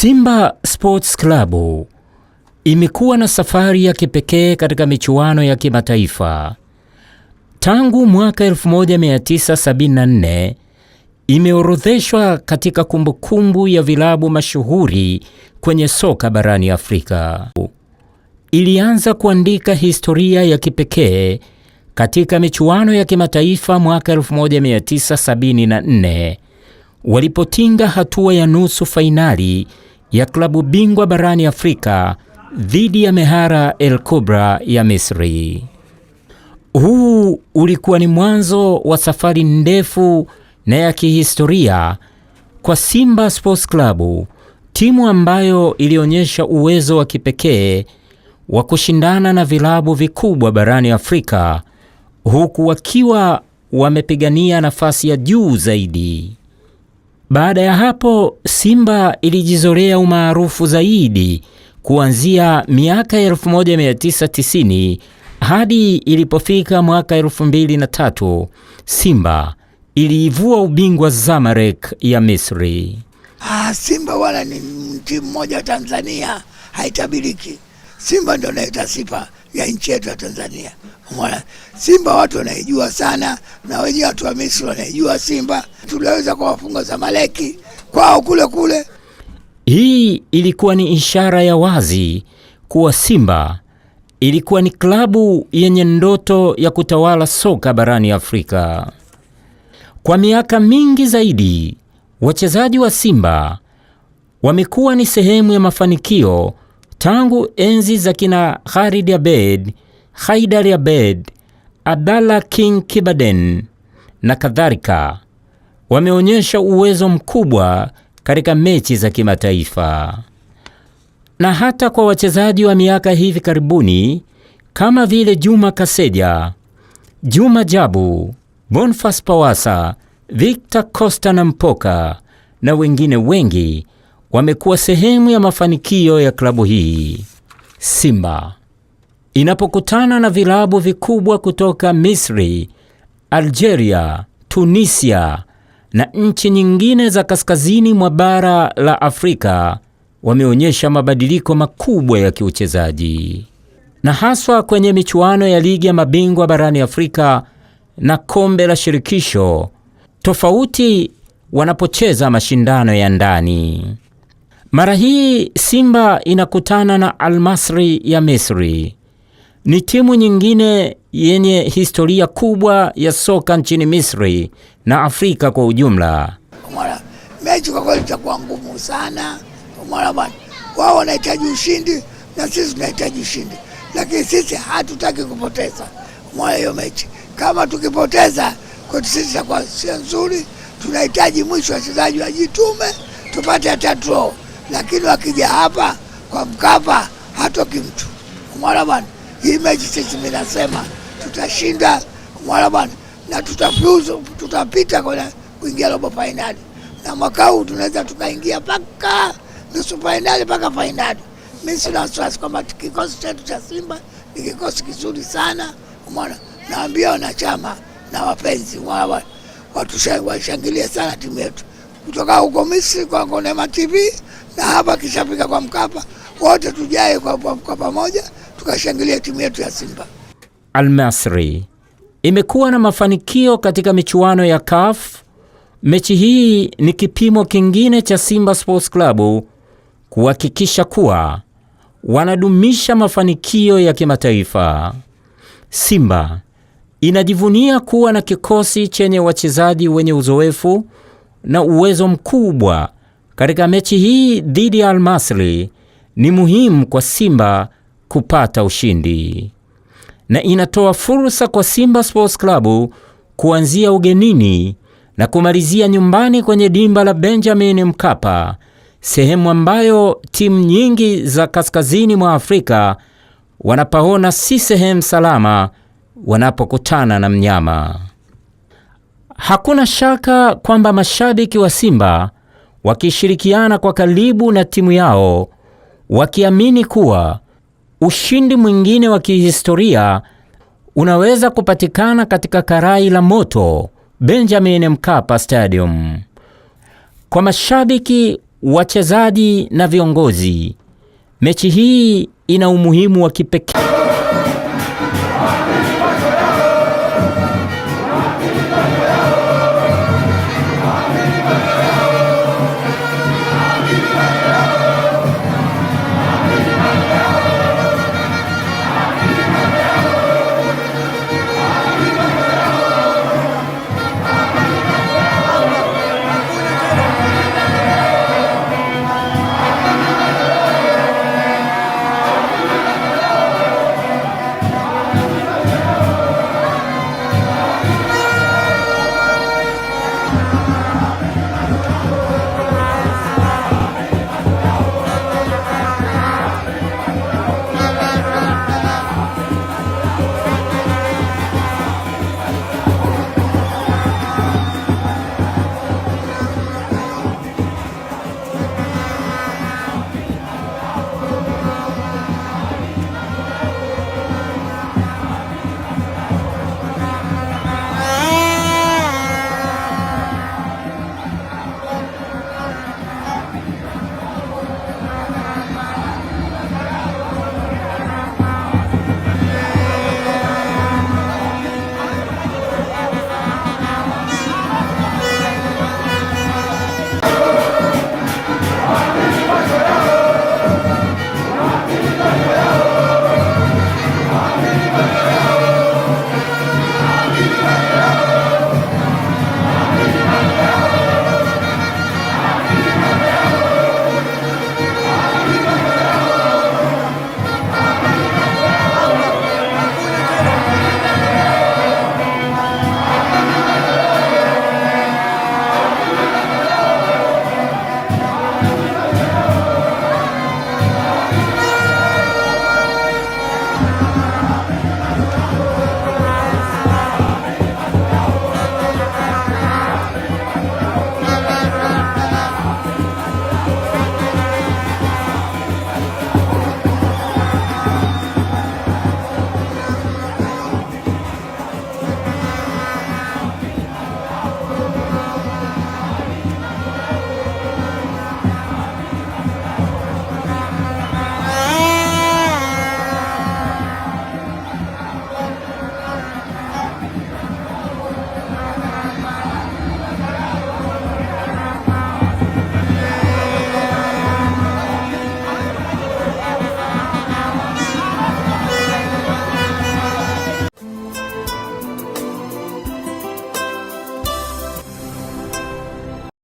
Simba Sports Club imekuwa na safari ya kipekee katika michuano ya kimataifa. Tangu mwaka 1974 imeorodheshwa katika kumbukumbu ya vilabu mashuhuri kwenye soka barani Afrika. Ilianza kuandika historia ya kipekee katika michuano ya kimataifa mwaka 1974 walipotinga hatua ya nusu fainali ya klabu bingwa barani Afrika dhidi ya Mehara El Kubra ya Misri. Huu ulikuwa ni mwanzo wa safari ndefu na ya kihistoria kwa Simba Sports Club, timu ambayo ilionyesha uwezo wa kipekee wa kushindana na vilabu vikubwa barani Afrika huku wakiwa wamepigania nafasi ya juu zaidi. Baada ya hapo Simba ilijizolea umaarufu zaidi kuanzia miaka 1990 hadi ilipofika mwaka 2003 Simba iliivua ubingwa Zamalek ya Misri. Ah, Simba wala ni timu moja Tanzania haitabiriki. Simba ndio naita sifa ya nchi yetu ya Tanzania. Umeona? Simba watu wanaijua sana na wenyewe watu wa Misri wanaijua Simba. Tuliweza kuwafunga Zamaleki kwao kule kule. Hii ilikuwa ni ishara ya wazi kuwa Simba ilikuwa ni klabu yenye ndoto ya kutawala soka barani Afrika. Kwa miaka mingi zaidi, wachezaji wa Simba wamekuwa ni sehemu ya mafanikio Tangu enzi za kina Khalid Abed, Haidar Abed, Abdallah King Kibaden na kadhalika wameonyesha uwezo mkubwa katika mechi za kimataifa na hata kwa wachezaji wa miaka hivi karibuni kama vile Juma Kaseja, Juma Jabu, Bonfas Pawasa, Victor Costa na Mpoka na wengine wengi wamekuwa sehemu ya mafanikio ya klabu hii. Simba inapokutana na vilabu vikubwa kutoka Misri, Algeria, Tunisia na nchi nyingine za kaskazini mwa bara la Afrika, wameonyesha mabadiliko makubwa ya kiuchezaji na haswa kwenye michuano ya ligi ya mabingwa barani Afrika na kombe la shirikisho, tofauti wanapocheza mashindano ya ndani. Mara hii Simba inakutana na al ya Misri. Ni timu nyingine yenye historia kubwa ya soka nchini Misri na Afrika kwa ujumla. Mwana, mechi kwa kweli itakuwa ngumu sana. Mwana bwana, wao wanahitaji ushindi na sisi tunahitaji ushindi, lakini sisi hatutaki kupoteza. Mwana, hiyo mechi kama tukipoteza kwetu sisi itakuwa sio nzuri. Tunahitaji mwisho wachezaji wajitume tupate hata draw lakini wakija hapa kwa Mkapa hatoki mtu. Umeona bwana, hii mechi sisi minasema tutashinda. Umeona bwana, na tutafuzu, tutapita kwenye kuingia robo fainali, na mwaka huu tunaweza tukaingia mpaka nusu fainali mpaka fainali. Mi sina wasiwasi kwamba kikosi chetu cha Simba ni kikosi kizuri sana. Umeona, naambia wanachama na wapenzi, wao watushangilie sana timu yetu kutoka huko Misri kwa Konema TV na hapa kishafika kwa Mkapa, wote tujae kwa, kwa, kwa pamoja tukashangilia timu yetu ya Simba. Almasri imekuwa na mafanikio katika michuano ya CAF. Mechi hii ni kipimo kingine cha Simba Sports Club kuhakikisha kuwa wanadumisha mafanikio ya kimataifa. Simba inajivunia kuwa na kikosi chenye wachezaji wenye uzoefu na uwezo mkubwa katika mechi hii dhidi ya Almasri ni muhimu kwa Simba kupata ushindi na inatoa fursa kwa Simba Sports Club kuanzia ugenini na kumalizia nyumbani kwenye dimba la Benjamin Mkapa, sehemu ambayo timu nyingi za kaskazini mwa Afrika wanapaona si sehemu salama wanapokutana na mnyama. Hakuna shaka kwamba mashabiki wa Simba wakishirikiana kwa karibu na timu yao, wakiamini kuwa ushindi mwingine wa kihistoria unaweza kupatikana katika karai la moto Benjamin Mkapa Stadium. Kwa mashabiki, wachezaji na viongozi, mechi hii ina umuhimu wa kipekee.